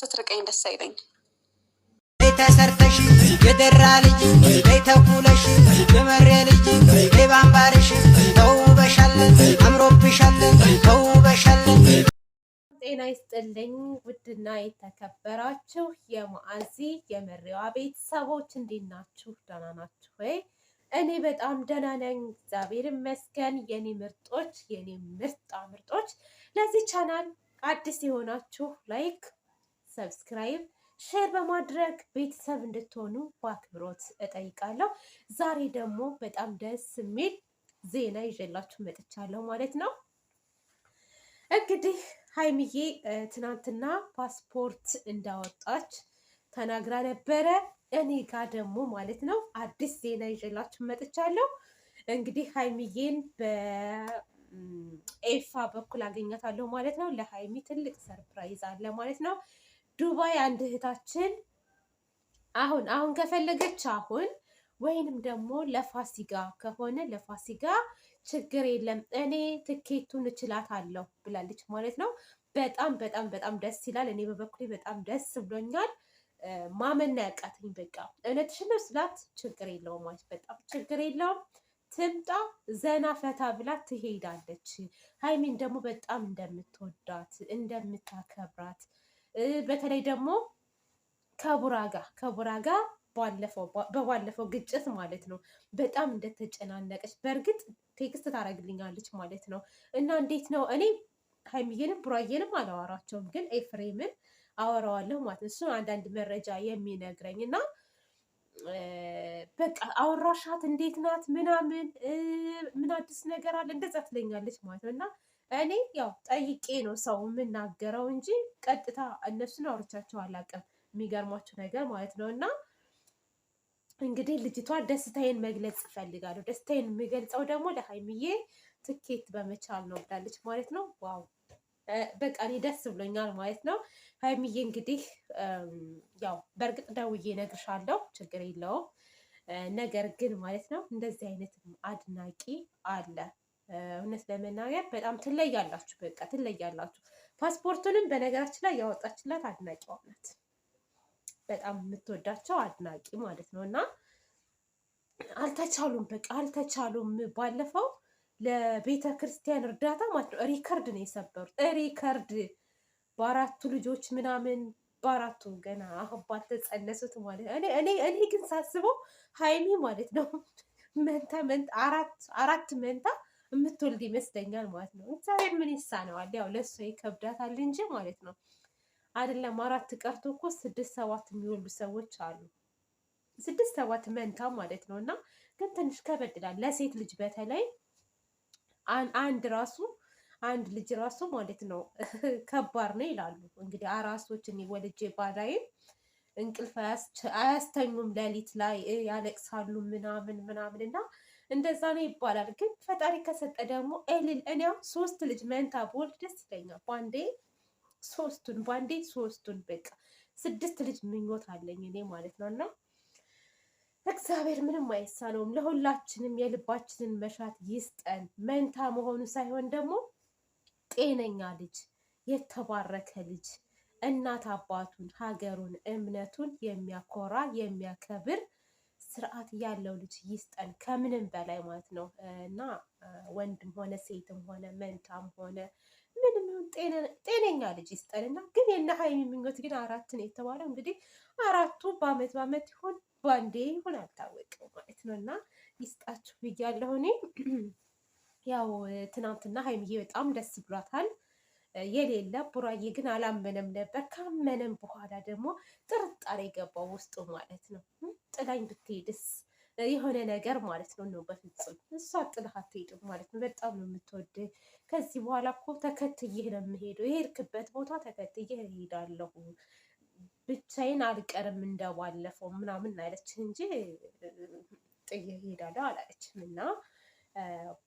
ስትርቀኝ ደስ አይለኝ። ተሰርተሽ የደራ ልጅ ተኩለሽ የመሬ ልጅ ባምባርሽ ተውበሻለን፣ አምሮብሻለን፣ ተውበሻለን። ጤና ይስጥልኝ ውድና የተከበራችሁ የማአዚ የመሪዋ ቤተሰቦች እንዴት ናችሁ? ደህና ናችሁ ወይ? እኔ በጣም ደህና ነኝ፣ እግዚአብሔር ይመስገን። የኔ ምርጦች፣ የኔ ምርጣ ምርጦች፣ ለዚህ ቻናል አዲስ የሆናችሁ ላይክ ሰብስክራይብ፣ ሼር በማድረግ ቤተሰብ እንድትሆኑ በአክብሮት እጠይቃለሁ። ዛሬ ደግሞ በጣም ደስ የሚል ዜና ይዤላችሁ መጥቻለሁ ማለት ነው። እንግዲህ ሀይሚዬ ትናንትና ፓስፖርት እንዳወጣች ተናግራ ነበረ። እኔ ጋ ደግሞ ማለት ነው አዲስ ዜና ይዤላችሁ መጥቻለሁ። እንግዲህ ሀይሚዬን በኤፋ በኩል አገኛታለሁ ማለት ነው። ለሀይሚ ትልቅ ሰርፕራይዝ አለ ማለት ነው። ዱባይ አንድ እህታችን አሁን አሁን ከፈለገች አሁን ወይንም ደግሞ ለፋሲጋ ከሆነ ለፋሲጋ ችግር የለም እኔ ትኬቱን እችላታለሁ ብላለች ማለት ነው። በጣም በጣም በጣም ደስ ይላል። እኔ በበኩሌ በጣም ደስ ብሎኛል። ማመን ያቃተኝ በቃ እውነትሽን ስላት ችግር የለውም ማለት በጣም ችግር የለውም ትምጣ ዘና ፈታ ብላ ትሄዳለች። ሀይሚን ደግሞ በጣም እንደምትወዳት እንደምታከብራት በተለይ ደግሞ ከቡራ ጋር ከቡራ ጋር በባለፈው ግጭት ማለት ነው በጣም እንደተጨናነቀች በእርግጥ ቴክስት ታደርግልኛለች ማለት ነው። እና እንዴት ነው እኔ ሀይሚዬንም ቡራዬንም አላወራቸውም፣ ግን ኤፍሬምን አወራዋለሁ ማለት ነው። እሱ አንዳንድ መረጃ የሚነግረኝ እና በቃ አወራሻት፣ እንዴት ናት ምናምን፣ ምን አዲስ ነገር አለ እንደዛ ትለኛለች ማለት ነው እና እኔ ያው ጠይቄ ነው ሰው የምናገረው እንጂ ቀጥታ እነሱን አውርቻቸው አላውቅም። የሚገርማቸው ነገር ማለት ነው እና እንግዲህ ልጅቷ ደስታዬን መግለጽ እፈልጋለሁ። ደስታዬን የምገልጸው ደግሞ ለሀይሚዬ ትኬት በመቻል ነው ብላለች ማለት ነው። ዋው በቃ እኔ ደስ ብሎኛል ማለት ነው። ሀይሚዬ እንግዲህ ያው በእርግጥ ደውዬ እነግርሻለሁ፣ ችግር የለውም። ነገር ግን ማለት ነው እንደዚህ አይነት አድናቂ አለ። እውነት ለመናገር በጣም ትለያላችሁ። በቃ ትለያላችሁ። ፓስፖርቱንም በነገራችን ላይ ያወጣችላት አድናቂዋ ናት። በጣም የምትወዳቸው አድናቂ ማለት ነው። እና አልተቻሉም፣ በቃ አልተቻሉም። ባለፈው ለቤተ ክርስቲያን እርዳታ ማለት ነው ሪከርድ ነው የሰበሩት ሪከርድ በአራቱ ልጆች ምናምን በአራቱ ገና አሁን ባልተጸነሱት ማለት ነው። እኔ እኔ ግን ሳስበው ሀይሚ ማለት ነው መንታ መንታ አራት አራት መንታ የምትወልድ ይመስለኛል ማለት ነው። እግዚአብሔር ምን ይሳነዋል? ያው ለእሷ ይከብዳታል እንጂ ማለት ነው። አይደለም አራት ቀርቶ እኮ ስድስት ሰባት የሚወልዱ ሰዎች አሉ። ስድስት ሰባት መንታ ማለት ነው። እና ግን ትንሽ ከበድ ይላል ለሴት ልጅ በተለይ አንድ ራሱ አንድ ልጅ ራሱ ማለት ነው ከባድ ነው ይላሉ። እንግዲህ አራሶች እኔ ወልጄ ባላይም እንቅልፍ አያስተኙም፣ ሌሊት ላይ ያለቅሳሉ ምናምን ምናምን እና እንደዛ ነው ይባላል። ግን ፈጣሪ ከሰጠ ደግሞ እልል። እኔም ሶስት ልጅ መንታ በወልድ ደስ ይለኛል። ባንዴ ሶስቱን ባንዴ ሶስቱን በቃ ስድስት ልጅ ምኞት አለኝ እኔ ማለት ነው። እና እግዚአብሔር ምንም አይሳነውም። ለሁላችንም የልባችንን መሻት ይስጠን። መንታ መሆኑ ሳይሆን ደግሞ ጤነኛ ልጅ፣ የተባረከ ልጅ እናት አባቱን፣ ሀገሩን፣ እምነቱን የሚያኮራ የሚያከብር ስርዓት ያለው ልጅ ይስጠን ከምንም በላይ ማለት ነው እና ወንድም ሆነ ሴትም ሆነ መንታም ሆነ ምንም ጤነኛ ልጅ ይስጠን እና ግን የነ ሀይሚ ምኞት ግን አራት ነው የተባለው እንግዲህ አራቱ በአመት በአመት ይሆን ባንዴ ይሆን አልታወቀው ማለት ነው እና ይስጣችሁ ብያለሁ እኔ ያው ትናንትና ሀይሚዬ በጣም ደስ ብሏታል የሌለ ቡራዬ ግን አላመነም ነበር ካመነም በኋላ ደግሞ ጥርጣሬ ገባው ውስጡ ማለት ነው ጥላኝ ብትሄድስ የሆነ ነገር ማለት ነው ነው በፍጹም እሷ ጥልህ አትሄድም ማለት ነው። በጣም ነው የምትወድህ። ከዚህ በኋላ እኮ ተከትዬህ ነው የምሄደው። የሄድክበት ቦታ ተከትዬ እሄዳለሁ፣ ብቻዬን አልቀርም እንደባለፈው ምናምን አለች እንጂ ጥዬህ እሄዳለሁ አላለችም። እና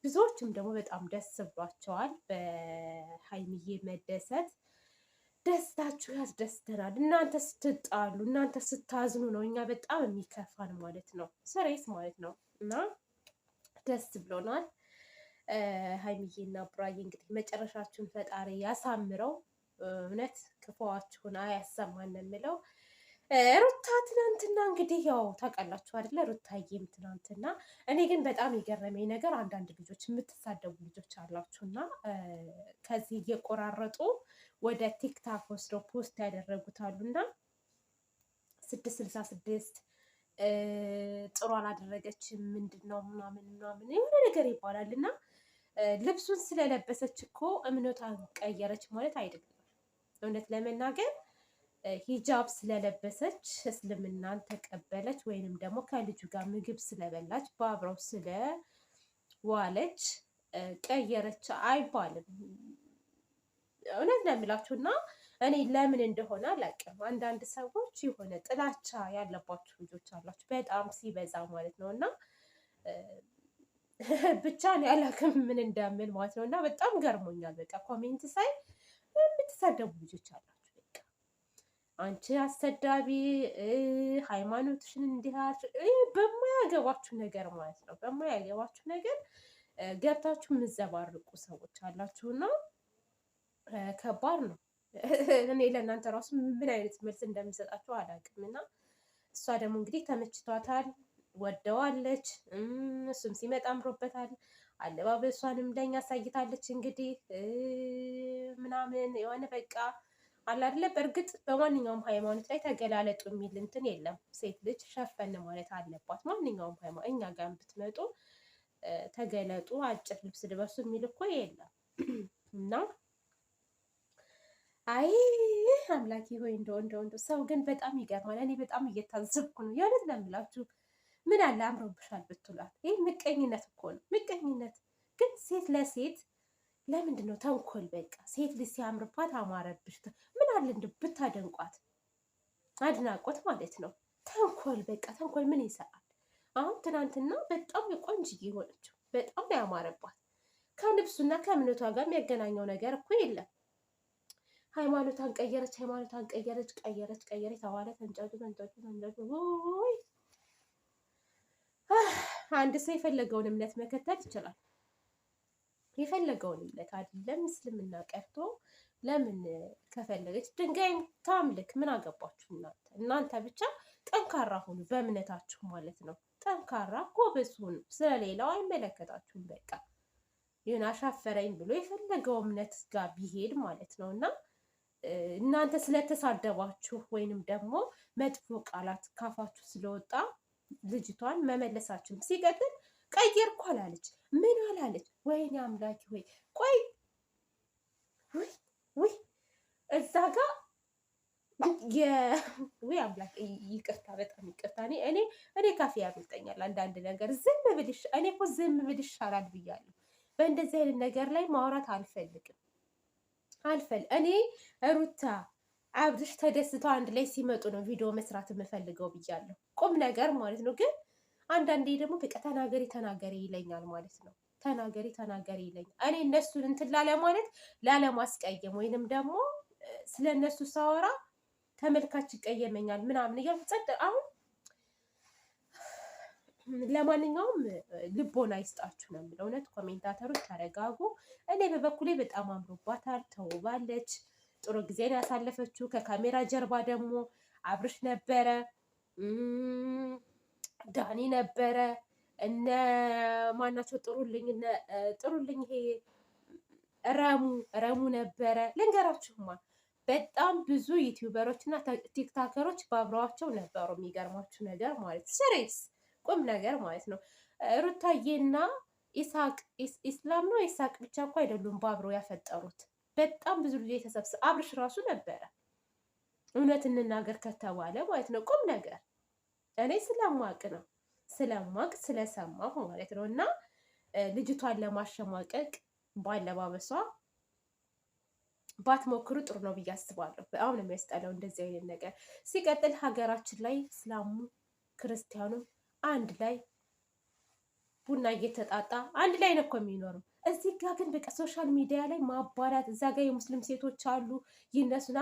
ብዙዎችም ደግሞ በጣም ደስ ብሏቸዋል በሀይሚዬ መደሰት ደስታችሁ ያስደስተናል። እናንተ ስትጣሉ፣ እናንተ ስታዝኑ ነው እኛ በጣም የሚከፋን ማለት ነው። ስሬስ ማለት ነው እና ደስ ብሎናል። እና ቡራዬ እንግዲህ መጨረሻችሁን ፈጣሪ ያሳምረው። እውነት ክፉዋችሁን አያሰማን የምለው ሩታ ትናንትና እንግዲህ ያው ታውቃላችሁ አይደለ? ሩታዬም ትናንትና እኔ ግን በጣም የገረመኝ ነገር አንዳንድ ልጆች የምትሳደቡ ልጆች አላችሁና ከዚህ እየቆራረጡ ወደ ቲክታክ ወስደው ፖስት ያደረጉት አሉና ስድስት ስልሳ ስድስት ጥሩ አላደረገች ምንድን ነው ምናምን ምናምን የሆነ ነገር ይባላል እና ልብሱን ስለለበሰች እኮ እምነቷን ቀየረች ማለት አይደለም እውነት ለመናገር ሂጃብ ስለለበሰች እስልምናን ተቀበለች ወይንም ደግሞ ከልጁ ጋር ምግብ ስለበላች በአብረው ስለዋለች ቀየረች አይባልም። እውነት ነው የሚላችሁ እና እኔ ለምን እንደሆነ አላውቅም። አንዳንድ ሰዎች የሆነ ጥላቻ ያለባችሁ ልጆች አላችሁ፣ በጣም ሲበዛ ማለት ነው እና ብቻ ነው ያላውቅም ምን እንደምል ማለት ነው እና በጣም ገርሞኛል። በቃ ኮሜንት ሳይ የምትሰደቡ ልጆች አላችሁ አንቺ አሰዳቢ ሃይማኖትሽን እንዲህ በማያገባችሁ ነገር ማለት ነው። በማያገባችሁ ነገር ገብታችሁ የምዘባርቁ ሰዎች አላችሁና ከባድ ነው። እኔ ለእናንተ ራሱ ምን አይነት መልስ እንደምሰጣችሁ አላውቅም። እና እሷ ደግሞ እንግዲህ ተመችቷታል፣ ወደዋለች፣ እሱም ሲመጣ አምሮበታል። አለባበሷንም ለኛ አሳይታለች። እንግዲህ ምናምን የሆነ በቃ አላደለ በእርግጥ በማንኛውም ሃይማኖት ላይ ተገላለጡ የሚል እንትን የለም። ሴት ልጅ ሸፈን ማለት አለባት። ማንኛውም ሃይማኖት እኛ ጋር ብትመጡ ተገለጡ፣ አጭር ልብስ ልበሱ የሚል እኮ የለም እና አይ አምላኪ ሆይ እንደው እንደው እንደው ሰው ግን በጣም ይገርማል። እኔ በጣም እየታዘብኩ ነው የእውነት ለምላችሁ። ምን አለ አምሮብሻል ብትሏት፣ ይህ ምቀኝነት እኮ ነው ምቀኝነት። ግን ሴት ለሴት ለምንድን ነው ተንኮል? በቃ ሴት ልጅ ሲያምርባት አማረብሽ ምን አለ እንደ ብታደንቋት፣ አድናቆት ማለት ነው። ተንኮል በቃ ተንኮል ምን ይሰራል? አሁን ትናንትና በጣም የቆንጅዬ የሆነችው በጣም ያማረባት ከልብሱና ከእምነቷ ጋር የሚያገናኘው ነገር እኮ የለም። ሃይማኖቷን ቀየረች፣ ሃይማኖቷን ቀየረች፣ ቀየረች፣ ቀየረች ተባለ። ተንጫጩ ተንጫጩ ተንጫጩ። አንድ ሰው የፈለገውን እምነት መከተል ይችላል። የፈለገውን እምነት አይደለም እስልምና ቀርቶ ለምን ከፈለገች ድንጋይም ታምልክ ምን አገባችሁ እናንተ እናንተ ብቻ ጠንካራ ሁኑ በእምነታችሁ ማለት ነው ጠንካራ ጎበዝ ሁኑ ስለሌላው አይመለከታችሁም በቃ ይሁን አሻፈረኝ ብሎ የፈለገው እምነት ጋር ቢሄድ ማለት ነው እና እናንተ ስለተሳደባችሁ ወይንም ደግሞ መጥፎ ቃላት ካፋችሁ ስለወጣ ልጅቷን መመለሳችሁም ሲቀጥል ቀየርኩ አላለች ምን አላለች ወይኔ አምላኪ ወይ ቆይ ውይ ውይ እዛ ጋ ወይ አምላክ ይቅርታ፣ በጣም ይቅርታ። እኔ እኔ እኔ ካፌ ያመልጠኛል አንዳንድ ነገር ዝም ብልሽ እኔ እኮ ዝም ብልሽ ይሻላል ብያለሁ። በእንደዚህ አይነት ነገር ላይ ማውራት አልፈልግም አልፈል እኔ ሩታ አብርሽ ተደስተው አንድ ላይ ሲመጡ ነው ቪዲዮ መስራት የምፈልገው ብያለሁ። ቁም ነገር ማለት ነው። ግን አንዳንዴ ደግሞ በቃ ተናገሪ ተናገሪ ይለኛል ማለት ነው። ተናገሪ ተናገሪ ይለኝ። እኔ እነሱን እንትን ላለማለት ላለማስቀየም ወይንም ደግሞ ስለ እነሱ ሳወራ ተመልካች ይቀየመኛል ምናምን እያልኩ ጸጥ አሁን ለማንኛውም ልቦና ይስጣችሁ ነው የሚለው። እውነት ኮሜንታተሮች ተረጋጉ። እኔ በበኩሌ በጣም አምሮባታል፣ ተውባለች፣ ጥሩ ጊዜን ያሳለፈችው። ከካሜራ ጀርባ ደግሞ አብርሽ ነበረ፣ ዳኒ ነበረ እነ ማናቸው ጥሩልኝ ጥሩልኝ ይሄ ረሙ ረሙ ነበረ። ልንገራችሁማ በጣም ብዙ ዩቲዩበሮች እና ቲክታከሮች በአብረዋቸው ነበሩ። የሚገርማችሁ ነገር ማለት ስሬስ ቁም ነገር ማለት ነው። ሩታዬና ኢሳቅ ኢስላም ነው ኢሳቅ ብቻ እኮ አይደሉም ባብሮ ያፈጠሩት በጣም ብዙ ልጅ የተሰብሰ አብርሽ ራሱ ነበረ። እውነት እንናገር ከተባለ ማለት ነው ቁም ነገር እኔ ስለማቅ ነው ስለማቅ ስለሰማሁ ማለት ነው። እና ልጅቷን ለማሸማቀቅ ባለባበሷ ባትሞክሩ ጥሩ ነው ብዬ አስባለሁ። በጣም ነው የሚያስጠላው እንደዚህ አይነት ነገር። ሲቀጥል ሀገራችን ላይ እስላሙ ክርስቲያኑም አንድ ላይ ቡና እየተጣጣ አንድ ላይ ነው እኮ እዚህ ጋር ግን በቃ ሶሻል ሚዲያ ላይ ማባላት፣ እዛ ጋር የሙስሊም ሴቶች አሉ ይነሱና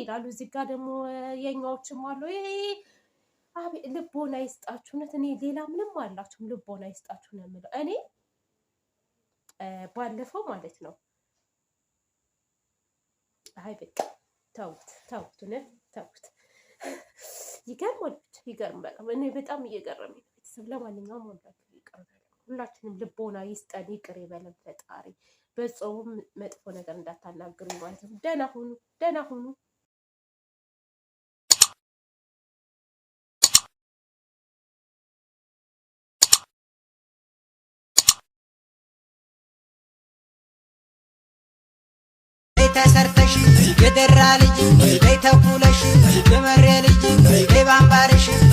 ይላሉ፣ እዚህ ጋር ደግሞ የኛዎችም አሉ አቤ ልቦና ይስጣችሁ። እውነት እኔ ሌላ ምንም አላችሁም፣ ልቦና ይስጣችሁ ነው የምለው። እኔ ባለፈው ማለት ነው። አይ በቃ ተውት ተውት፣ እውነት ተውት። ይገርማል፣ በቃ እኔ በጣም እየገረመኝ ነው። ቤተሰብ ለማንኛውም ወላችሁ ይቅር በለን፣ ሁላችንም ልቦና ይስጠን፣ ይቅር ይበለን ፈጣሪ። በጾሙም መጥፎ ነገር እንዳታናግሩኝ ማለት ነው። ደህና ሁኑ፣ ደህና ሁኑ። ተሰርተሽ የደራ ልጅ ቤተኩለሽ የመሬ ልጅ በይ